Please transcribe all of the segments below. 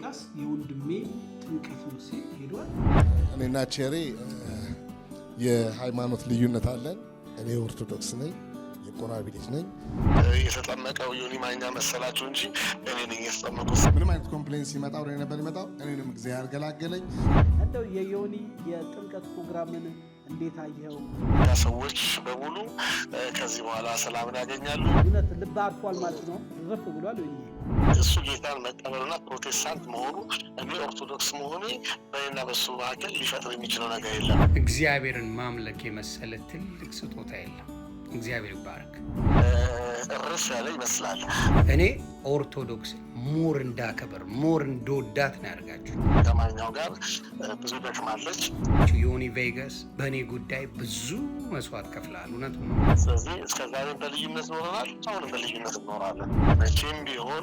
ቬጋስ የወንድሜ ጥምቀት ነው ሲል ሄዷል። እኔና ቼሪ የሃይማኖት ልዩነት አለን። እኔ ኦርቶዶክስ ነኝ፣ የቆራቢ ልጅ ነኝ። የተጠመቀው ዮኒ ማኛ መሰላችሁ እንጂ እኔ ነኝ የተጠመቁት። ምንም አይነት ኮምፕሌንስ ሲመጣ ወደ ነበር ይመጣው። እኔንም እግዚአብሔር ገላገለኝ። እንደው የዮኒ የጥምቀት ፕሮግራምን እንዴት አየኸው? ሰዎች በሙሉ ከዚህ በኋላ ሰላምን ያገኛሉ። እውነት ልብ አርፏል ማለት ነው። ረፍ ብሏል። ወይ? እሱ ጌታን መቀበሉና ፕሮቴስታንት መሆኑ እኔ ኦርቶዶክስ መሆኔ በእኔና በሱ መካከል ሊፈጥር የሚችለው ነገር የለም። እግዚአብሔርን ማምለክ የመሰለ ትልቅ ስጦታ የለም። እግዚአብሔር ይባረክ። ርስ ያለ ይመስላል። እኔ ኦርቶዶክስ ሞር እንዳከበር ሞር እንደወዳት ነው ያደርጋችሁ። ከማኛው ጋር ብዙ ደክማለች። ዮኒ ቬጋስ በእኔ ጉዳይ ብዙ መስዋዕት ከፍላል። እውነት ነው። ስለዚህ እስከዛሬ በልዩነት ኖረናል፣ አሁን በልዩነት እኖራለን። መቼም ቢሆን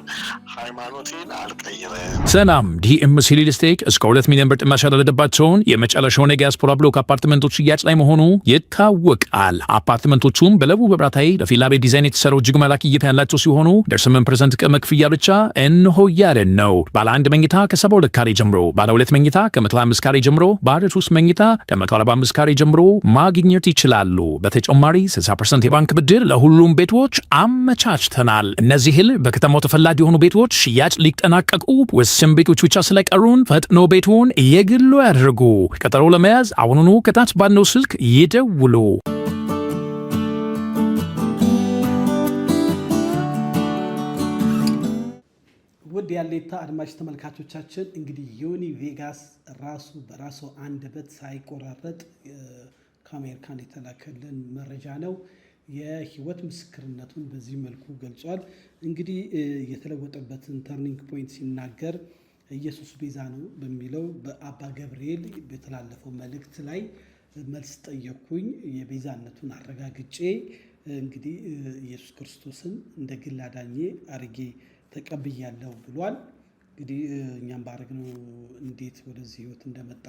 ሃይማኖቴን አልቀይርም። ሰላም ዲኤምሲ ሪል ስቴት እስከ ሁለት ሚሊዮን ብር ጥመሻ ያደረደባቸውን የመጨረሻውን የዲያስፖራ ብሎክ አፓርትመንቶች ሽያጭ ላይ መሆኑ ይታወቃል። አፓርትመንቶቹም በለቡ በብራታዊ ለፊላቤ ዲዛይን የተሰራው እጅግ መላክ እይታ ያላቸው ሲሆኑ ደርስምን ፐርሰንት ቅድመ ክፍያ ብቻ እንሆ ያለን ነው። ባለ አንድ መኝታ ከ72 ካሬ ጀምሮ፣ ባለ ሁለት መኝታ ከ125 ካሬ ጀምሮ፣ ባለ ሶስት መኝታ ከ145 ካሬ ጀምሮ ማግኘት ይችላሉ። በተጨማሪ 60 የባንክ ብድር ለሁሉም ቤቶች አመቻችተናል። እነዚህል በከተማው ተፈላጊ የሆኑ ቤቶች ሽያጭ ሊጠናቀቁ ውስን ቤቶች ብቻ ስለቀሩን ፈጥኖ ቤቱን የግሉ ያድርጉ። ቀጠሮ ለመያዝ አሁኑኑ ከታች ባለው ስልክ ይደውሉ። ያሌታ አድማጭ ተመልካቾቻችን እንግዲህ ዮኒ ቬጋስ ራሱ በራሱ አንደበት ሳይቆራረጥ ከአሜሪካን የተላከልን መረጃ ነው። የህይወት ምስክርነቱን በዚህ መልኩ ገልጿል። እንግዲህ የተለወጠበትን ተርኒንግ ፖይንት ሲናገር ኢየሱስ ቤዛ ነው በሚለው በአባ ገብርኤል በተላለፈው መልእክት ላይ መልስ ጠየኩኝ። የቤዛነቱን አረጋግጬ እንግዲህ ኢየሱስ ክርስቶስን እንደ ግል አዳኜ አርጌ ተቀብያለሁ ብሏል። እንግዲህ እኛም ባረግነው እንዴት ወደዚህ ህይወት እንደመጣ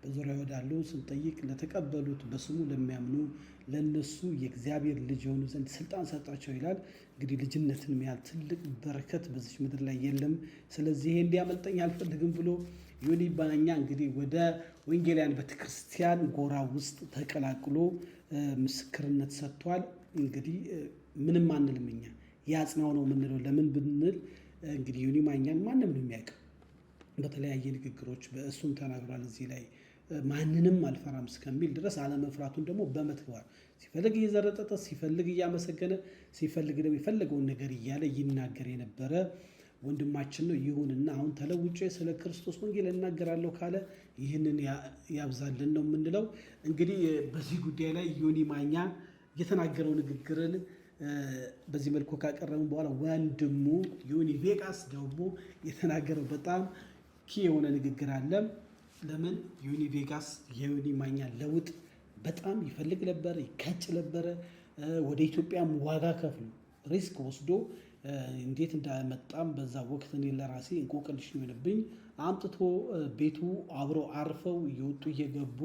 በዙሪያ ወዳሉ ስንጠይቅ ለተቀበሉት በስሙ ለሚያምኑ ለነሱ የእግዚአብሔር ልጅ የሆኑ ዘንድ ስልጣን ሰጣቸው ይላል። እንግዲህ ልጅነትን ያህል ትልቅ በረከት በዚች ምድር ላይ የለም። ስለዚህ ይሄ እንዲያመልጠኝ አልፈልግም ብሎ ዮኒ ባኛ እንግዲህ ወደ ወንጌላውያን ቤተክርስቲያን ጎራ ውስጥ ተቀላቅሎ ምስክርነት ሰጥቷል። እንግዲህ ምንም አንልም እኛ ያጽናው ነው የምንለው። ለምን ብንል እንግዲህ ዮኒ ማኛን ማንም ነው የሚያውቅ በተለያየ ንግግሮች በእሱም ተናግሯል። እዚህ ላይ ማንንም አልፈራም እስከሚል ድረስ አለመፍራቱን ደግሞ በመተግበር ሲፈልግ እየዘረጠጠ ሲፈልግ እያመሰገነ ሲፈልግ ደግሞ የፈለገውን ነገር እያለ ይናገር የነበረ ወንድማችን ነው። ይሁንና አሁን ተለውጬ ስለ ክርስቶስ ወንጌል እናገራለሁ ካለ ይህንን ያብዛልን ነው የምንለው። እንግዲህ በዚህ ጉዳይ ላይ ዮኒ ማኛ የተናገረው ንግግርን በዚህ መልኩ ካቀረብን በኋላ ወንድሙ ዮኒ ቬጋስ ደግሞ የተናገረው በጣም ኪ የሆነ ንግግር አለ። ለምን ዮኒ ቬጋስ የዮኒ ማኛ ለውጥ በጣም ይፈልግ ነበረ፣ ይከጭ ነበረ። ወደ ኢትዮጵያም ዋጋ ከፍሎ ሪስክ ወስዶ እንዴት እንዳመጣም በዛ ወቅት እኔ ለራሴ እንቆቅልሽ ይሆንብኝ አምጥቶ ቤቱ አብረው አርፈው እየወጡ እየገቡ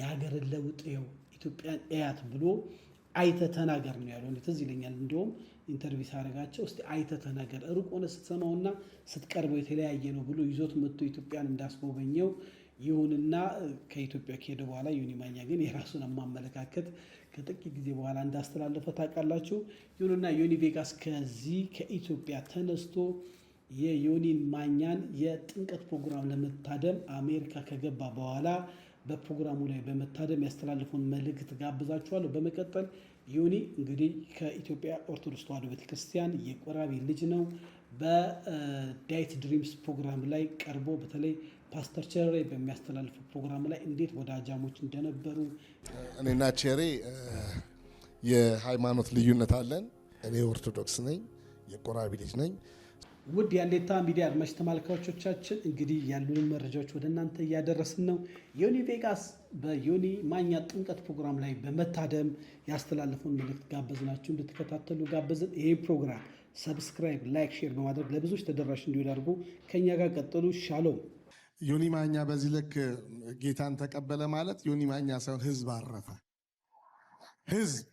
የሀገርን ለውጥ ው ኢትዮጵያን እያት ብሎ አይተ ተናገር ነው ያለው። ትዝ ይለኛል እንዲሁም ኢንተርቪው ሳደርጋቸው እስቲ አይተ ተናገር፣ ሩቅ ሆነ ስትሰማውና ስትቀርበው የተለያየ ነው ብሎ ይዞት መጥቶ ኢትዮጵያን እንዳስጎበኘው ይሁንና ከኢትዮጵያ ከሄደ በኋላ ዮኒ ማኛ ግን የራሱን አማመለካከት ከጥቂት ጊዜ በኋላ እንዳስተላለፈ ታውቃላችሁ። ይሁንና ዮኒ ቬጋስ ከዚህ ከኢትዮጵያ ተነስቶ የዮኒን ማኛን የጥንቀት ፕሮግራም ለመታደም አሜሪካ ከገባ በኋላ በፕሮግራሙ ላይ በመታደም ያስተላልፈውን መልእክት ጋብዛችኋለሁ። በመቀጠል ዮኒ እንግዲህ ከኢትዮጵያ ኦርቶዶክስ ተዋህዶ ቤተክርስቲያን የቆራቢ ልጅ ነው። በዳይት ድሪምስ ፕሮግራም ላይ ቀርቦ በተለይ ፓስተር ቸሬ በሚያስተላልፈው ፕሮግራም ላይ እንዴት ወዳጃሞች እንደነበሩ እኔና ቸሬ የሃይማኖት ልዩነት አለን። እኔ ኦርቶዶክስ ነኝ፣ የቆራቢ ልጅ ነኝ። ውድ ያሌታ ሚዲያ አድማጭ ተመልካቾቻችን እንግዲህ ያሉንን መረጃዎች ወደ እናንተ እያደረስን ነው። ዮኒ ቬጋስ በዮኒ ማኛ ጥምቀት ፕሮግራም ላይ በመታደም ያስተላለፈውን መልእክት ጋበዝናችሁ እንድትከታተሉ ጋበዝን። ይህ ፕሮግራም ሰብስክራይብ፣ ላይክ፣ ሼር በማድረግ ለብዙዎች ተደራሽ እንዲሆን አድርጉ። ከእኛ ጋር ቀጥሉ። ሻሎም ዮኒ ማኛ በዚህ ልክ ጌታን ተቀበለ ማለት ዮኒ ማኛ ሳይሆን ህዝብ አረፈ ህዝብ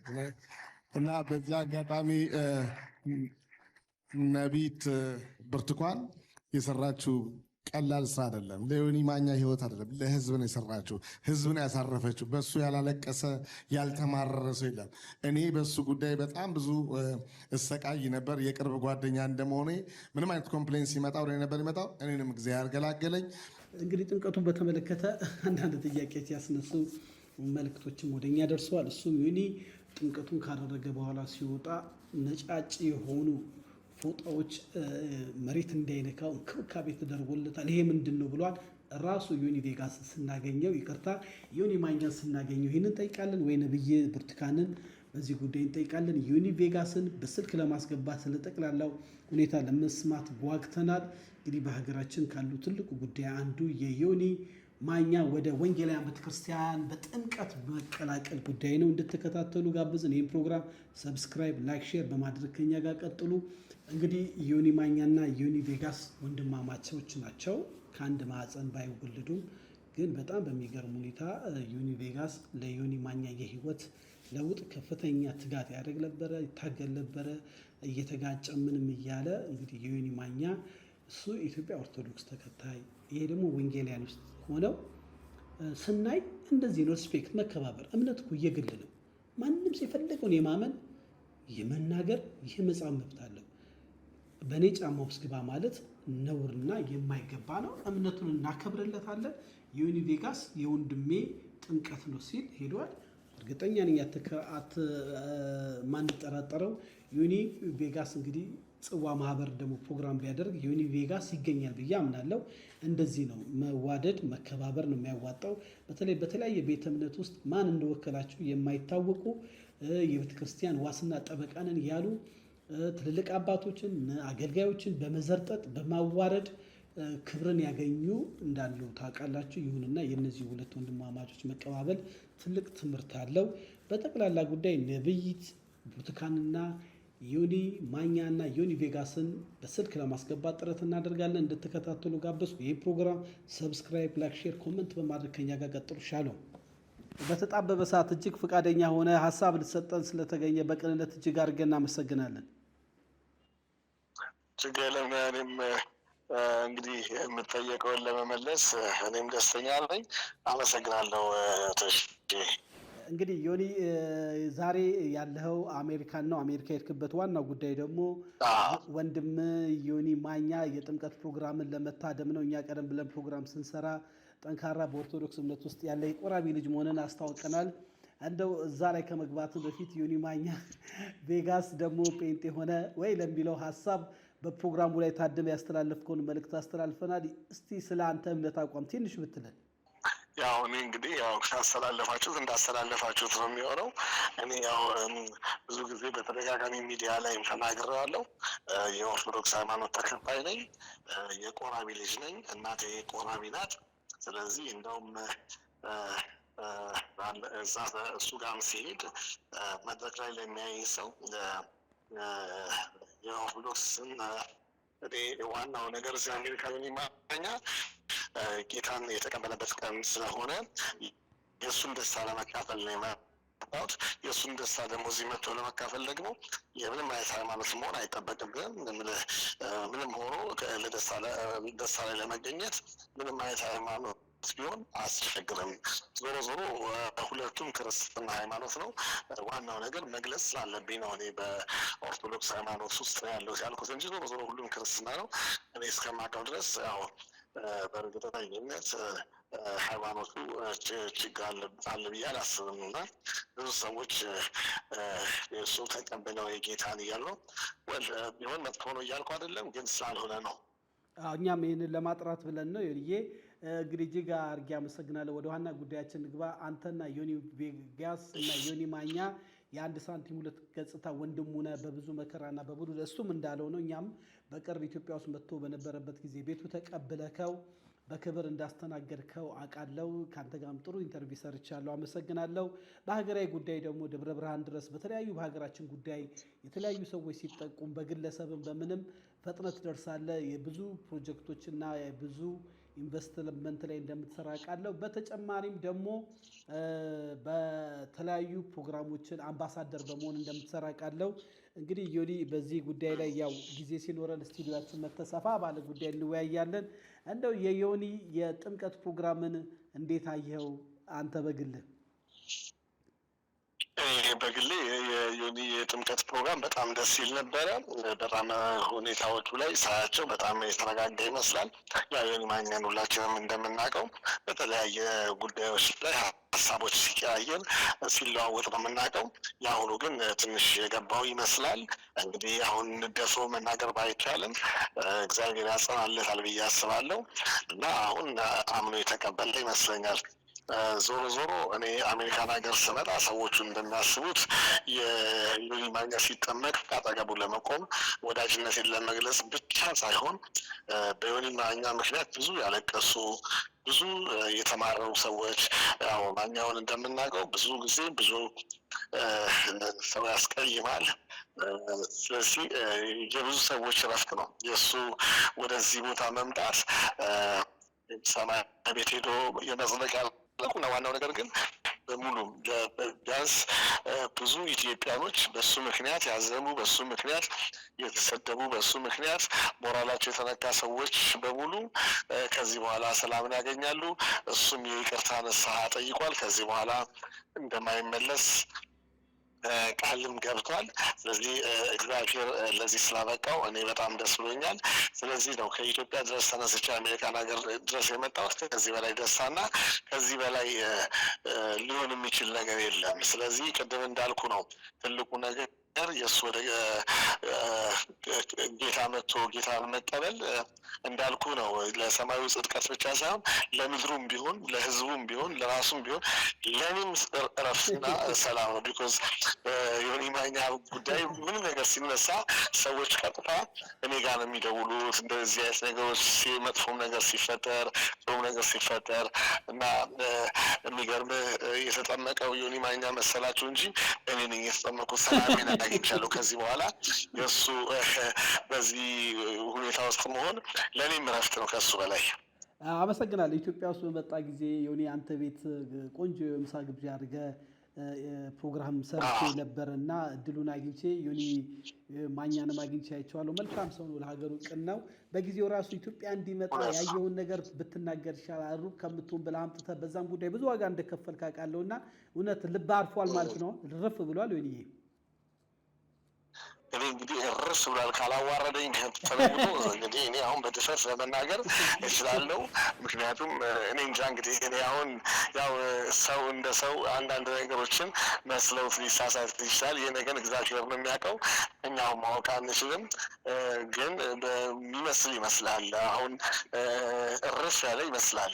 እና በዚህ አጋጣሚ ነቢት ብርቱካን የሰራችው ቀላል ስራ አይደለም። ለዮኒ ማኛ ህይወት አይደለም፣ ለህዝብ ነው የሰራችው፣ ህዝብ ነው ያሳረፈችው። በሱ ያላለቀሰ ያልተማረረ ሰው የለም። እኔ በሱ ጉዳይ በጣም ብዙ እሰቃይ ነበር። የቅርብ ጓደኛ እንደመሆኔ ምንም አይነት ኮምፕሌን ሲመጣ ወደ ነበር ይመጣው። እኔንም ጊዜ ያገላገለኝ። እንግዲህ ጥምቀቱን በተመለከተ አንዳንድ ጥያቄዎች ያስነሱ መልክቶችም ወደኛ ደርሰዋል። እሱም ዮኒ ጥምቀቱን ካደረገ በኋላ ሲወጣ ነጫጭ የሆኑ ፎጣዎች መሬት እንዳይነካው እንክብካቤ ተደርጎለታል። ይሄ ምንድን ነው ብሏል። ራሱ ዮኒ ቬጋስ ስናገኘው ይቅርታ ዮኒ ማኛ ስናገኘው ይህንን እንጠይቃለን ወይ ነብዬ ብርቱካንን በዚህ ጉዳይ እንጠይቃለን። ዮኒ ቬጋስን በስልክ ለማስገባት ስለ ጠቅላላው ሁኔታ ለመስማት ጓግተናል። እንግዲህ በሀገራችን ካሉ ትልቁ ጉዳይ አንዱ የዮኒ ማኛ ወደ ወንጌላውያን ቤተክርስቲያን በጥምቀት መቀላቀል ጉዳይ ነው። እንድትከታተሉ ጋብዝን። ይህም ፕሮግራም ሰብስክራይብ፣ ላይክ፣ ሼር በማድረግ ከኛ ጋር ቀጥሉ። እንግዲህ ዮኒ ማኛና ዮኒ ቬጋስ ወንድማማቾች ናቸው። ከአንድ ማዕፀን ባይወለዱም ግን በጣም በሚገርም ሁኔታ ዮኒ ቬጋስ ለዮኒ ማኛ የህይወት ለውጥ ከፍተኛ ትጋት ያደርግ ነበረ፣ ይታገል ነበረ። እየተጋጨ ምንም እያለ እንግዲህ የዮኒ ማኛ እሱ ኢትዮጵያ ኦርቶዶክስ ተከታይ፣ ይሄ ደግሞ ወንጌላያን ውስጥ ሆነው ስናይ እንደዚህ ነው። ሪስፔክት መከባበር። እምነት እኮ የግል ነው። ማንም ሰው የፈለገውን የማመን የመናገር ይህ መጻም መብት አለው። በእኔ ጫማ ውስጥ ግባ ማለት ነውርና የማይገባ ነው። እምነቱን እናከብርለታለን። ዩኒ ቬጋስ የወንድሜ ጥምቀት ነው ሲል ሄዷል። እርግጠኛ ነኝ ማንጠራጠረው ዩኒ ቬጋስ እንግዲህ ጽዋ ማህበር ደግሞ ፕሮግራም ቢያደርግ ዩኒ ቬጋስ ይገኛል ብዬ አምናለሁ። እንደዚህ ነው መዋደድ፣ መከባበር ነው የሚያዋጣው። በተለይ በተለያየ ቤተ እምነት ውስጥ ማን እንደወከላቸው የማይታወቁ የቤተ ክርስቲያን ዋስና ጠበቃንን ያሉ ትልልቅ አባቶችን አገልጋዮችን በመዘርጠጥ በማዋረድ ክብርን ያገኙ እንዳሉ ታውቃላችሁ። ይሁንና የእነዚህ ሁለት ወንድማማቾች መቀባበል ትልቅ ትምህርት አለው። በጠቅላላ ጉዳይ ነብይት ብርቱካንና ዮኒ ማኛ እና ዮኒ ቬጋስን በስልክ ለማስገባት ጥረት እናደርጋለን። እንድትከታተሉ ጋበዝኩ። ይህ ፕሮግራም ሰብስክራይብ፣ ላይክ፣ ሼር፣ ኮመንት በማድረግ ከኛ ጋር ቀጥሉ። ሻለው በተጣበበ ሰዓት እጅግ ፈቃደኛ ሆነ ሀሳብ ልትሰጠን ስለተገኘ በቅንነት እጅግ አድርገን እናመሰግናለን። እጅግ ለምንም እንግዲህ የምጠየቀውን ለመመለስ እኔም ደስተኛ ነኝ። አመሰግናለሁ ቶሽ እንግዲህ ዮኒ ዛሬ ያለኸው አሜሪካን ነው። አሜሪካ የሄድክበት ዋናው ጉዳይ ደግሞ ወንድም ዮኒ ማኛ የጥምቀት ፕሮግራምን ለመታደም ነው። እኛ ቀደም ብለን ፕሮግራም ስንሰራ ጠንካራ በኦርቶዶክስ እምነት ውስጥ ያለ የቆራቢ ልጅ መሆንን አስታውቀናል። እንደው እዛ ላይ ከመግባት በፊት ዮኒ ማኛ ቬጋስ ደግሞ ጴንጤ ሆነ ወይ ለሚለው ሀሳብ በፕሮግራሙ ላይ ታድመ ያስተላለፍከውን መልእክት አስተላልፈናል። እስቲ ስለ አንተ እምነት አቋም ትንሽ ብትለን ያው እኔ እንግዲህ ያው ካስተላለፋችሁት እንዳስተላለፋችሁት ነው የሚሆነው። እኔ ያው ብዙ ጊዜ በተደጋጋሚ ሚዲያ ላይ ተናግሬዋለሁ። የኦርቶዶክስ ሃይማኖት ተከታይ ነኝ። የቆራቢ ልጅ ነኝ። እናቴ ቆራቢ ናት። ስለዚህ እንደውም እዛ እሱ ጋርም ሲሄድ መድረክ ላይ ለሚያይ ሰው የኦርቶዶክስን ዋናው ነገር እዚህ አሜሪካ ላይ ይማኛል ጌታን የተቀበለበት ቀን ስለሆነ የእሱን ደስታ ለመካፈል ነው የመጣሁት። የእሱን ደስታ ደግሞ እዚህ መጥቶ ለመካፈል ደግሞ የምንም አይነት ሃይማኖት መሆን አይጠበቅብንም። ምንም ሆኖ ደስታ ላይ ለመገኘት ምንም አይነት ሃይማኖት ቢሆን አያስቸግርም። ዞሮ ዞሮ ሁለቱም ክርስትና ሃይማኖት ነው። ዋናው ነገር መግለጽ ስላለብኝ ነው እኔ በኦርቶዶክስ ሃይማኖት ውስጥ ያለው ያልኩት እንጂ ዞሮ ዞሮ ሁሉም ክርስትና ነው። እኔ እስከማውቀው ድረስ ያው በእርግጠኝነት ሃይማኖቱ ችግር አለ ብዬ አላስብም እና ብዙ ሰዎች እሱ ተቀበለው የጌታን እያሉ ቢሆን መጥፎ ነው እያልኩ አይደለም፣ ግን ስላልሆነ ነው። እኛም ይህንን ለማጥራት ብለን ነው። ዮኒዬ እንግዲህ እጅግ አድርጌ አመሰግናለሁ። ወደ ዋና ጉዳያችን ንግባ። አንተና ዮኒ ቬጋስ እና ዮኒ ማኛ የአንድ ሳንቲም ሁለት ገጽታ ወንድም ሆነ በብዙ መከራና በብዙ እሱም እንዳለው ነው እኛም በቅርብ ኢትዮጵያ ውስጥ መጥቶ በነበረበት ጊዜ ቤቱ ተቀብለከው በክብር እንዳስተናገድከው አውቃለሁ። ከአንተ ጋርም ጥሩ ኢንተርቪው ሰርቻለሁ፣ አመሰግናለሁ። በሀገራዊ ጉዳይ ደግሞ ደብረ ብርሃን ድረስ በተለያዩ በሀገራችን ጉዳይ የተለያዩ ሰዎች ሲጠቁም በግለሰብም በምንም ፈጥነት ደርሳለ የብዙ ፕሮጀክቶችና የብዙ ኢንቨስትመንት ላይ እንደምትሰራ ቃለው። በተጨማሪም ደግሞ በተለያዩ ፕሮግራሞችን አምባሳደር በመሆን እንደምትሰራ ቃለው። እንግዲህ ዮኒ በዚህ ጉዳይ ላይ ያው ጊዜ ሲኖረን ስቱዲዮችን መተሰፋ ባለ ጉዳይ እንወያያለን። እንደው የዮኒ የጥምቀት ፕሮግራምን እንዴት አየኸው አንተ በግልህ? በግሌ የዮኒ የጥምቀት ፕሮግራም በጣም ደስ ሲል ነበረ። በጣም ሁኔታዎቹ ላይ ስራቸው በጣም የተረጋጋ ይመስላል። ያ ዮኒ ማኛን ሁላችንም እንደምናውቀው በተለያየ ጉዳዮች ላይ ሀሳቦች ሲቀያየን ሲለዋወጥ በምናውቀው የአሁኑ ግን ትንሽ የገባው ይመስላል። እንግዲህ አሁን እንደሶ መናገር ባይቻልም እግዚአብሔር ያጸናለታል ብዬ አስባለሁ እና አሁን አምኖ የተቀበለ ይመስለኛል። ዞሮ ዞሮ እኔ አሜሪካን ሀገር ስመጣ ሰዎቹ እንደሚያስቡት የዩኒ ማኛ ሲጠመቅ አጠገቡ ለመቆም ወዳጅነትን ለመግለጽ ብቻ ሳይሆን በዩኒ ማኛ ምክንያት ብዙ ያለቀሱ ብዙ የተማረሩ ሰዎች ያው ማኛውን እንደምናውቀው ብዙ ጊዜ ብዙ ሰው ያስቀይማል። ስለዚህ የብዙ ሰዎች ረፍት ነው የእሱ ወደዚህ ቦታ መምጣት። ሰማይ ቤት ሄዶ የመጽደቅ እና ዋናው ነገር ግን በሙሉ ቢያንስ ብዙ ኢትዮጵያኖች በሱ ምክንያት ያዘኑ፣ በሱ ምክንያት የተሰደቡ፣ በሱ ምክንያት ሞራላቸው የተነካ ሰዎች በሙሉ ከዚህ በኋላ ሰላምን ያገኛሉ። እሱም የይቅርታ ንስሐ ጠይቋል። ከዚህ በኋላ እንደማይመለስ ቃልም ገብቷል። ስለዚህ እግዚአብሔር ለዚህ ስላበቃው እኔ በጣም ደስ ብሎኛል። ስለዚህ ነው ከኢትዮጵያ ድረስ ተነስቼ አሜሪካን ሀገር ድረስ የመጣሁት። ከዚህ በላይ ደስታና ከዚህ በላይ ሊሆን የሚችል ነገር የለም። ስለዚህ ቅድም እንዳልኩ ነው ትልቁ ነገር ነገር የእሱ ወደ ጌታ መጥቶ ጌታ መቀበል እንዳልኩ ነው። ለሰማዩ ጽድቀት ብቻ ሳይሆን ለምድሩም ቢሆን ለህዝቡም ቢሆን ለራሱም ቢሆን ለኔም እረፍትና ሰላም ነው። ቢኮዝ የሆነ ማኛ ጉዳይ ምንም ነገር ሲነሳ ሰዎች ቀጥታ እኔ ጋር ነው የሚደውሉት። እንደዚህ አይነት ነገሮች መጥፎም ነገር ሲፈጠር፣ ጥሩም ነገር ሲፈጠር እና የሚገርምህ የተጠመቀው የሆነ ማኛ መሰላችሁ እንጂ እኔ የተጠመቁት ሰላሜ ተገኝቻለሁ። ከዚህ በኋላ እሱ በዚህ ሁኔታ ውስጥ መሆን ለእኔም እረፍት ነው ከሱ በላይ። አመሰግናለሁ። ኢትዮጵያ ውስጥ በመጣ ጊዜ የሆነ አንተ ቤት ቆንጆ የምሳ ግብዣ አድርገህ ፕሮግራም ሰርቶ ነበር እና እድሉን አግኝቼ ዮኒ ማኛንም አግኝቼ አይቼዋለሁ። መልካም ሰው ነው፣ ለሀገሩ ቅን ነው። በጊዜው ራሱ ኢትዮጵያ እንዲመጣ ያየውን ነገር ብትናገር ይሻላል፣ ሩቅ ከምትሆን ብለህ አምጥተህ በዛም ጉዳይ ብዙ ዋጋ እንደከፈልክ አውቃለሁ እና እውነት ልብ አርፏል ማለት ነው። ርፍ ብሏል ዮኒዬ። እኔ እንግዲህ እርስ ብሏል ካላዋረደኝ ተለውጦ እንግዲህ እኔ አሁን በድፍረት ለመናገር እችላለሁ። ምክንያቱም እኔ እንጃ እንግዲህ እኔ አሁን ያው ሰው እንደ ሰው አንዳንድ ነገሮችን መስለውት ሊሳሳት ይችላል። ይህ ነገር እግዚአብሔር ነው የሚያውቀው፣ እኛው ማወቅ አንችልም። ግን የሚመስል ይመስላል አሁን እርስ ያለ ይመስላል።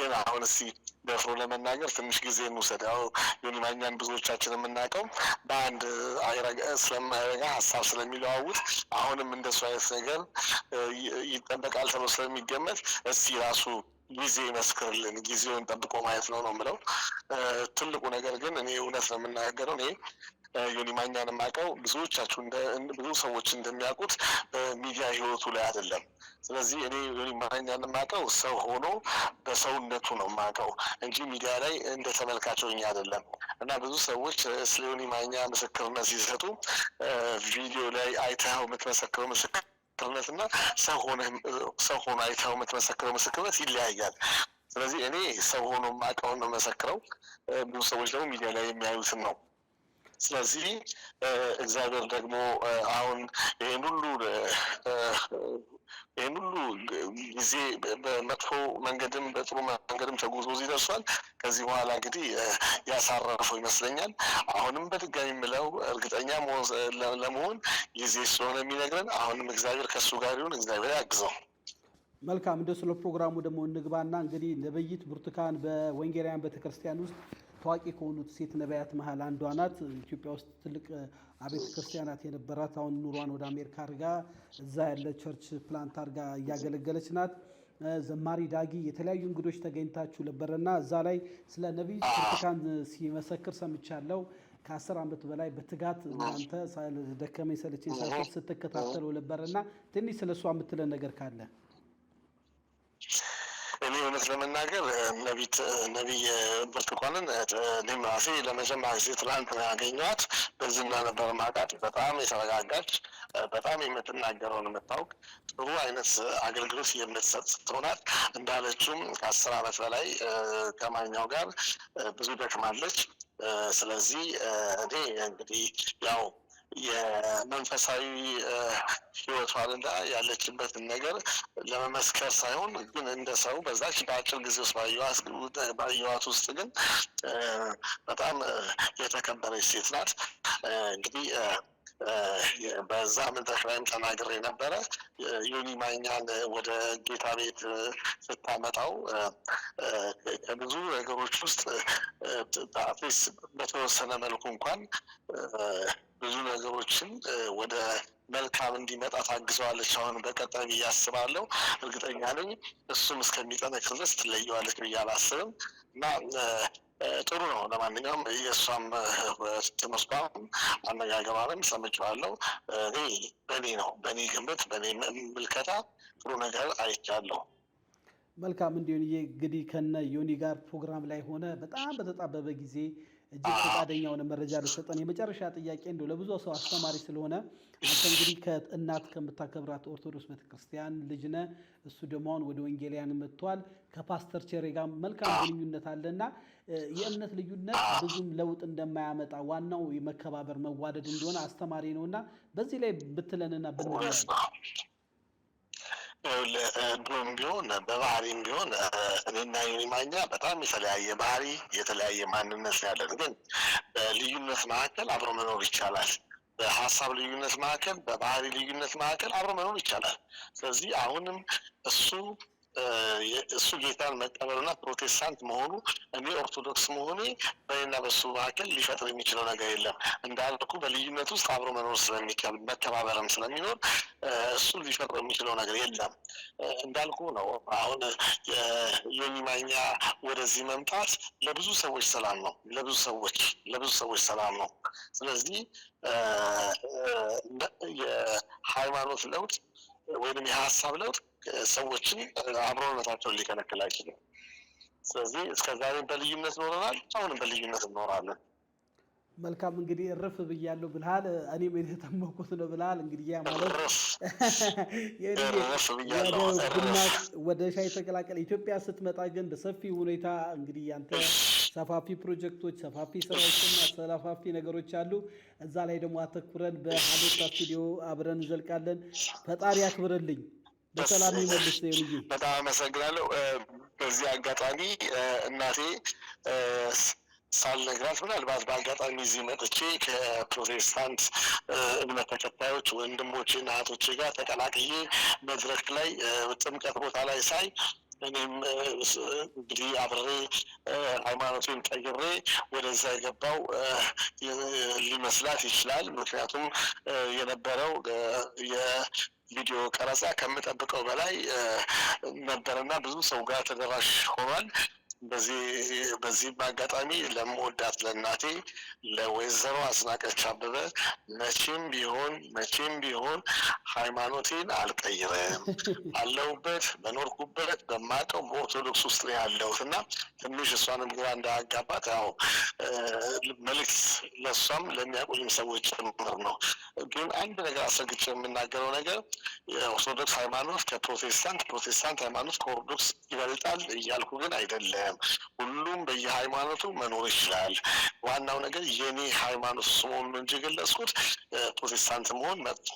ግን አሁን እስኪ ደፍሮ ለመናገር ትንሽ ጊዜ እንውሰድ። ያው ዮኒ ማኛን ብዙዎቻችን የምናውቀው በአንድ ስለማይረጋ ሀሳብ ስለሚለዋውጥ አሁንም እንደሱ አይነት ነገር ይጠበቃል ተብሎ ስለሚገመት እስቲ ራሱ ጊዜ ይመስክርልን፣ ጊዜውን ጠብቆ ማየት ነው ነው የምለው። ትልቁ ነገር ግን እኔ እውነት ነው የምናገረው እኔ ዮኒ ማኛን የማውቀው ብዙዎቻችሁ ብዙ ሰዎች እንደሚያውቁት በሚዲያ ህይወቱ ላይ አይደለም። ስለዚህ እኔ ዮኒ ማኛን የማውቀው ሰው ሆኖ በሰውነቱ ነው የማውቀው እንጂ ሚዲያ ላይ እንደ ተመልካች አይደለም። እና ብዙ ሰዎች ስለ ዮኒ ማኛ ምስክርነት ሲሰጡ ቪዲዮ ላይ አይተኸው የምትመሰክረው ምስክርነት እና ሰው ሆኖ አይተኸው የምትመሰክረው ምስክርነት ይለያያል። ስለዚህ እኔ ሰው ሆኖ የማውቀውን ነው ብዙ ሰዎች ደግሞ ሚዲያ ላይ የሚያዩትን ነው ስለዚህ እግዚአብሔር ደግሞ አሁን ይህን ሁሉ ይህን ሁሉ ጊዜ በመጥፎ መንገድም በጥሩ መንገድም ተጉዞ እዚህ ደርሷል። ከዚህ በኋላ እንግዲህ ያሳረፈው ይመስለኛል። አሁንም በድጋሚ የምለው እርግጠኛ ለመሆን ጊዜ ስለሆነ የሚነግረን አሁንም እግዚአብሔር ከእሱ ጋር ይሁን፣ እግዚአብሔር ያግዘው። መልካም እንደ ስለ ፕሮግራሙ ደግሞ እንግባና እንግዲህ ነብይት ብርቱካን በወንጌላውያን ቤተክርስቲያን ውስጥ ታዋቂ ከሆኑት ሴት ነቢያት መሀል አንዷ ናት። ኢትዮጵያ ውስጥ ትልቅ አብያተ ክርስቲያናት የነበራት አሁን ኑሯን ወደ አሜሪካ አድርጋ እዛ ያለ ቸርች ፕላንት አድርጋ እያገለገለች ናት። ዘማሪ ዳጊ፣ የተለያዩ እንግዶች ተገኝታችሁ ነበረና እዛ ላይ ስለ ነቢይ ብርቱካን ሲመሰክር ሰምቻለሁ። ከአስር ዓመት በላይ በትጋት እናንተ ደከመኝ ሰለቸኝ ስትከታተለው ነበረና ትንሽ ስለሷ የምትለን ነገር ካለ እኔ እውነት ለመናገር ነቢት ነቢይ ብርቱካንን እኔም ራሴ ለመጀመሪያ ጊዜ ትላንት ያገኘኋት። በዝና ነበር ማውቃት። በጣም የተረጋጋች፣ በጣም የምትናገረውን የምታውቅ፣ ጥሩ አይነት አገልግሎት የምትሰጥ ስትሆናት እንዳለችውም ከአስር ዓመት በላይ ከማኛው ጋር ብዙ ደክማለች። ስለዚህ እኔ እንግዲህ ያው የመንፈሳዊ ህይወቷንና ያለችበትን ነገር ለመመስከር ሳይሆን ግን እንደ ሰው በዛች በአጭር ጊዜ ውስጥ ባየዋት ውስጥ ግን በጣም የተከበረች ሴት ናት። እንግዲህ በዛ መድረክ ላይም ተናግሬ ነበረ። ዩኒ ማኛን ወደ ጌታ ቤት ስታመጣው ከብዙ ነገሮች ውስጥ በአትሊስት በተወሰነ መልኩ እንኳን ብዙ ነገሮችን ወደ መልካም እንዲመጣ ታግዘዋለች። አሁን በቀጣይ ብዬ አስባለሁ። እርግጠኛ ነኝ እሱም እስከሚጠነክር ድረስ ትለየዋለች ብዬ አላስብም እና ጥሩ ነው። ለማንኛውም የእሷም ትምህርቷ አነጋገሯንም ሰምቼዋለሁ። እኔ በእኔ ነው በእኔ ግምት በእኔ ምልከታ ጥሩ ነገር አይቻለሁ። መልካም እንዲሆን እንግዲህ ከነ ዮኒ ጋር ፕሮግራም ላይ ሆነ በጣም በተጣበበ ጊዜ እጅግ ፈቃደኛ መረጃ ልሰጠን። የመጨረሻ ጥያቄ እንዲሁ ለብዙ ሰው አስተማሪ ስለሆነ አንተ እንግዲህ ከእናት ከምታከብራት ኦርቶዶክስ ቤተክርስቲያን ልጅ ነ እሱ ደግሞ አሁን ወደ ወንጌልያን መጥቷል። ከፓስተር ቸሬ ጋር መልካም ግንኙነት አለና የእምነት ልዩነት ብዙም ለውጥ እንደማያመጣ ዋናው የመከባበር መዋደድ እንደሆነ አስተማሪ ነውና በዚህ ላይ ብትለንና ብንለ ድሮም ቢሆን በባህሪም ቢሆን እኔና ይማኛ በጣም የተለያየ ባህሪ የተለያየ ማንነት ያለን፣ ግን በልዩነት መካከል አብሮ መኖር ይቻላል። በሀሳብ ልዩነት መካከል፣ በባህሪ ልዩነት መካከል አብሮ መኖር ይቻላል። ስለዚህ አሁንም እሱ እሱ ጌታን መቀበሉና ፕሮቴስታንት መሆኑ እኔ ኦርቶዶክስ መሆኔ በና በሱ መካከል ሊፈጥር የሚችለው ነገር የለም። እንዳልኩ በልዩነት ውስጥ አብሮ መኖር ስለሚቀል መተባበርም ስለሚኖር እሱ ሊፈጥር የሚችለው ነገር የለም። እንዳልኩ ነው። አሁን የኒማኛ ወደዚህ መምጣት ለብዙ ሰዎች ሰላም ነው። ለብዙ ሰዎች ለብዙ ሰዎች ሰላም ነው። ስለዚህ የሃይማኖት ለውጥ ወይም የሀሳብ ለውጥ ሰዎችን አብሮነታቸውን ሊከለክል አይችልም። ስለዚህ እስከዛሬም በልዩነት ኖረናል፣ አሁንም በልዩነት እንኖራለን። መልካም እንግዲህ እርፍ ብያለሁ ብልሃል። እኔም የተመኩት ነው ብልሃል። እንግዲህ ያ ማለት ወደ ሻይ ተቀላቀል። ኢትዮጵያ ስትመጣ ግን በሰፊ ሁኔታ እንግዲህ ያንተ ሰፋፊ ፕሮጀክቶች፣ ሰፋፊ ስራዎችና ሰፋፊ ነገሮች አሉ። እዛ ላይ ደግሞ አተኩረን በሀሌታ ስቱዲዮ አብረን እንዘልቃለን። ፈጣሪ አክብርልኝ። በሰላም ይመልስ። በጣም አመሰግናለሁ። በዚህ አጋጣሚ እናቴ ሳልነግራት ምናልባት በአጋጣሚ እዚህ መጥቼ ከፕሮቴስታንት እምነት ተከታዮች ወንድሞቼና እህቶቼ ጋር ተቀላቅዬ መድረክ ላይ ጥምቀት ቦታ ላይ ሳይ እኔም እንግዲህ አብሬ ሃይማኖቱን ቀይሬ ወደዛ የገባው ሊመስላት ይችላል። ምክንያቱም የነበረው ቪዲዮ ቀረጻ ከምጠብቀው በላይ ነበረና ብዙ ሰው ጋር ተደራሽ ሆኗል። በዚህ በአጋጣሚ ለምወዳት ለእናቴ ለወይዘሮ አስናቀች አበበ መቼም ቢሆን መቼም ቢሆን ሃይማኖቴን አልቀይርም፣ አለሁበት በኖርኩበት በማቀው በኦርቶዶክስ ውስጥ ነው ያለሁት እና ትንሽ እሷንም ግራ እንዳያጋባት ያው መልክት ለእሷም ለሚያቆይም ሰዎች ጭምር ነው። ግን አንድ ነገር አስረግጬ የምናገረው ነገር የኦርቶዶክስ ሃይማኖት ከፕሮቴስታንት ፕሮቴስታንት ሃይማኖት ከኦርቶዶክስ ይበልጣል እያልኩ ግን አይደለም አይገባም። ሁሉም በየሃይማኖቱ መኖር ይችላል። ዋናው ነገር የኔ ሃይማኖት ስሙን እንጂ ገለጽኩት። ፕሮቴስታንት መሆን መጥፎ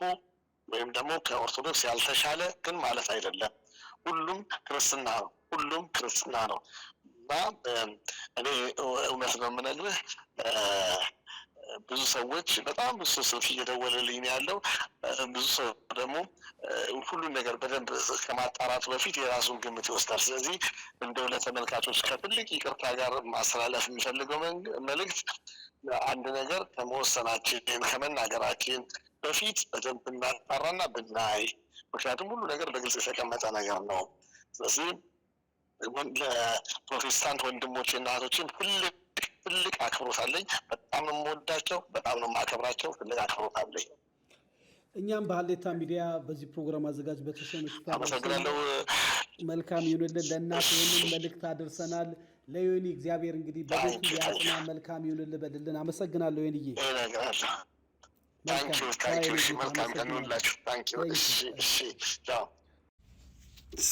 ወይም ደግሞ ከኦርቶዶክስ ያልተሻለ ግን ማለት አይደለም። ሁሉም ክርስትና ነው። ሁሉም ክርስትና ነው እና እኔ እውነት ነው የምነግርህ ብዙ ሰዎች በጣም ብዙ ሰው ስልክ እየደወለልኝ ያለው ብዙ ሰው ደግሞ ሁሉን ነገር በደንብ ከማጣራቱ በፊት የራሱን ግምት ይወስዳል። ስለዚህ እንደው ለተመልካቾች ከትልቅ ይቅርታ ጋር ማስተላለፍ የሚፈልገው መልእክት አንድ ነገር ከመወሰናችን ከመናገራችን በፊት በደንብ ብናጣራና ብናይ፣ ምክንያቱም ሁሉ ነገር በግልጽ የተቀመጠ ነገር ነው። ስለዚህ ለፕሮቴስታንት ወንድሞች እና እህቶችን ትልቅ አክብሮት አለኝ። በጣም ነው የምወዳቸው፣ በጣም ነው የማከብራቸው። ትልቅ አክብሮት አለኝ። እኛም በሀሌታ ሚዲያ በዚህ ፕሮግራም አዘጋጅ በተሾመ አመሰግናለሁ። መልካም ይሁንልን። ለእናት ይህንን መልእክት አድርሰናል። ለዮኒ እግዚአብሔር እንግዲህ በቤቱ ያጽና። መልካም ይሁንልን በልልን። አመሰግናለሁ ዮኒዬ።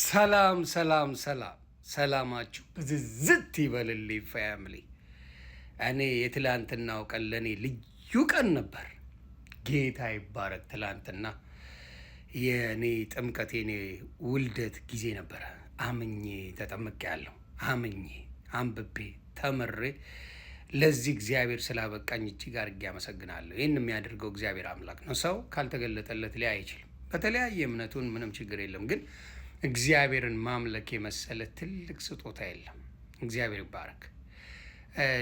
ሰላም ሰላም ሰላም፣ ሰላማችሁ ብዝዝት ይበልልኝ ፋሚሊ እኔ የትላንትናው ቀን ለእኔ ልዩ ቀን ነበር። ጌታ ይባረክ። ትላንትና የእኔ ጥምቀት የኔ ውልደት ጊዜ ነበረ። አምኜ ተጠምቄያለሁ። አምኜ አንብቤ ተምሬ ለዚህ እግዚአብሔር ስላበቃኝ እጅግ አድርጌ አመሰግናለሁ። ይህን የሚያደርገው እግዚአብሔር አምላክ ነው። ሰው ካልተገለጠለት ሊያ አይችልም። በተለያየ እምነቱን ምንም ችግር የለም፣ ግን እግዚአብሔርን ማምለክ የመሰለ ትልቅ ስጦታ የለም። እግዚአብሔር ይባረክ።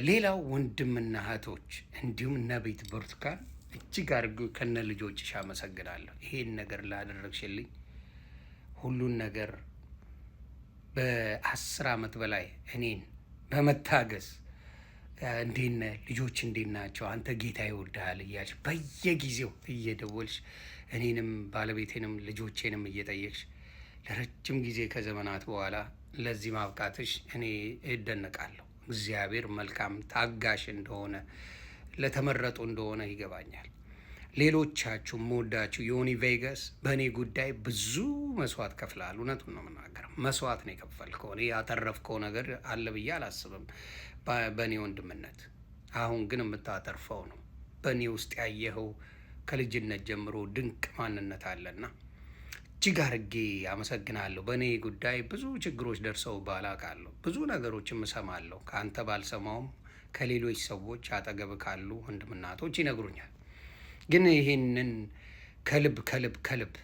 ሌላው ወንድምና እህቶች እንዲሁም እነቤት ብርቱካን እጅግ አድርጎ ከነ ልጆችሽ አመሰግናለሁ። ይሄን ነገር ላደረግሽልኝ ሁሉን ነገር በአስር አመት በላይ እኔን በመታገስ እንዴነ ልጆች እንዴት ናቸው አንተ ጌታ ይወድሃል እያልሽ በየጊዜው እየደወልሽ እኔንም ባለቤቴንም ልጆቼንም እየጠየቅሽ ለረጅም ጊዜ ከዘመናት በኋላ ለዚህ ማብቃትሽ እኔ እደነቃለሁ። እግዚአብሔር መልካም ታጋሽ እንደሆነ ለተመረጡ እንደሆነ ይገባኛል። ሌሎቻችሁ መወዳችሁ ዮኒ ቬጋስ በእኔ ጉዳይ ብዙ መስዋዕት ከፍላል። እውነቱን ነው የምናገረው። መስዋዕት ነው የከፈልከው። እኔ ያተረፍከው ነገር አለ ብዬ አላስብም በእኔ ወንድምነት። አሁን ግን የምታተርፈው ነው። በእኔ ውስጥ ያየኸው ከልጅነት ጀምሮ ድንቅ ማንነት አለና እጅግ አርጌ አመሰግናለሁ። በእኔ ጉዳይ ብዙ ችግሮች ደርሰው ባላቃለሁ። ብዙ ነገሮችም እሰማለሁ። ከአንተ ባልሰማውም ከሌሎች ሰዎች አጠገብ ካሉ ወንድምናቶች ይነግሩኛል። ግን ይህንን ከልብ ከልብ ከልብ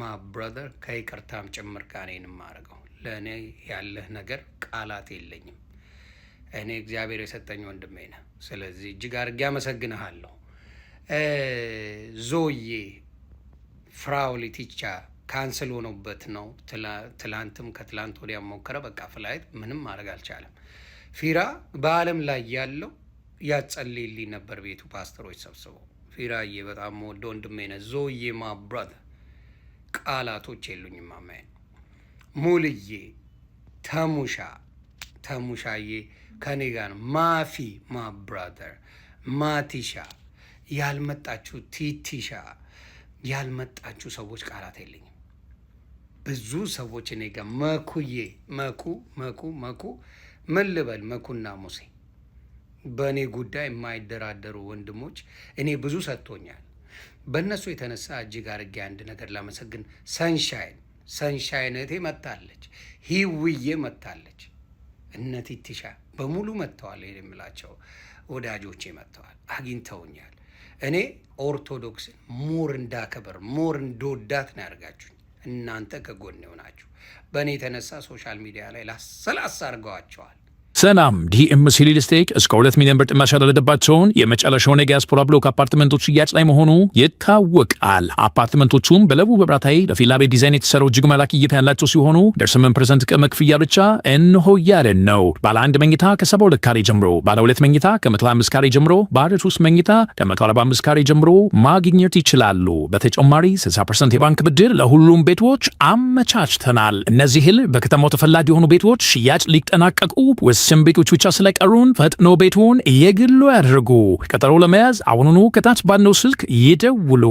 ማ ብራዘር ከይቅርታም ጭምር ቃኔን የማደርገው ለእኔ ያለህ ነገር ቃላት የለኝም። እኔ እግዚአብሔር የሰጠኝ ወንድሜ ነህ። ስለዚህ እጅግ አድርጌ አመሰግንሃለሁ። ዞዬ ፍራውሊቲቻ ካንስል ሆኖበት ነው። ትላንትም ከትላንት ወዲያ ሞከረ፣ በቃ ፍላይት ምንም ማድረግ አልቻለም። ፊራ በአለም ላይ ያለው ያጸልይልኝ ነበር ቤቱ ፓስተሮች ሰብስበው። ፊራዬ በጣም ወደ ወንድሜ ነህ ዞዬ ማብራት ቃላቶች የሉኝም። ማማየን ሙልዬ፣ ተሙሻ ተሙሻዬ ከኔ ጋር ማፊ ማ ማብራደር፣ ማቲሻ ያልመጣችሁ፣ ቲቲሻ ያልመጣችሁ ሰዎች ቃላት የለኝም። ብዙ ሰዎች እኔ ጋር መኩዬ መኩ መኩ መኩ ምን ልበል መኩና ሙሴ በእኔ ጉዳይ የማይደራደሩ ወንድሞች እኔ ብዙ ሰጥቶኛል። በእነሱ የተነሳ እጅግ አድርጌ አንድ ነገር ላመሰግን ሰንሻይን ሰንሻይን እህቴ መታለች፣ ሂውዬ መታለች፣ እነት ይትሻ በሙሉ መጥተዋል። የምላቸው ወዳጆቼ መጥተዋል፣ አግኝተውኛል። እኔ ኦርቶዶክስን ሞር እንዳከበር ሞር እንደወዳት ነው ያደርጋችሁ እናንተ ከጎን ናችሁ በእኔ የተነሳ ሶሻል ሚዲያ ላይ ላሰላሳ አድርገዋቸዋል። ሰላም ዲኤምሲ ሪል ስቴት እስከ ሁለት ሚሊዮን ብር ጥማሽ ያደረገባቸውን የመጨረሻውን የዲያስፖራ ብሎክ አፓርትመንቶች ሽያጭ ላይ መሆኑ ይታወቃል። አፓርትመንቶቹም በለቡ በብራታይ ለፊላ ቤት ዲዛይን የተሰራው እጅግ መላክ እይታ ያላቸው ሲሆኑ ደርስምን ፐርሰንት ቅድመ ክፍያ ብቻ እንሆ ያለን ነው። ባለ አንድ መኝታ ከሰባ ሁለት ካሬ ጀምሮ፣ ባለ ሁለት መኝታ ከ አምስት ካሬ ጀምሮ፣ ባለ ሶስት መኝታ ከ145 ካሬ ጀምሮ ማግኘት ይችላሉ። በተጨማሪ 60 ፐርሰንት የባንክ ብድር ለሁሉም ቤቶች አመቻችተናል። እነዚህል በከተማው ተፈላጊ የሆኑ ቤቶች ሽያጭ ሊጠናቀቁ ወስ ቤቶች ብቻ ስለቀሩን ፈጥኖ ቤቱን የግሉ ያድርጉ። ቀጠሮ ለመያዝ አሁኑኑ ከታች ባለው ስልክ ይደውሉ።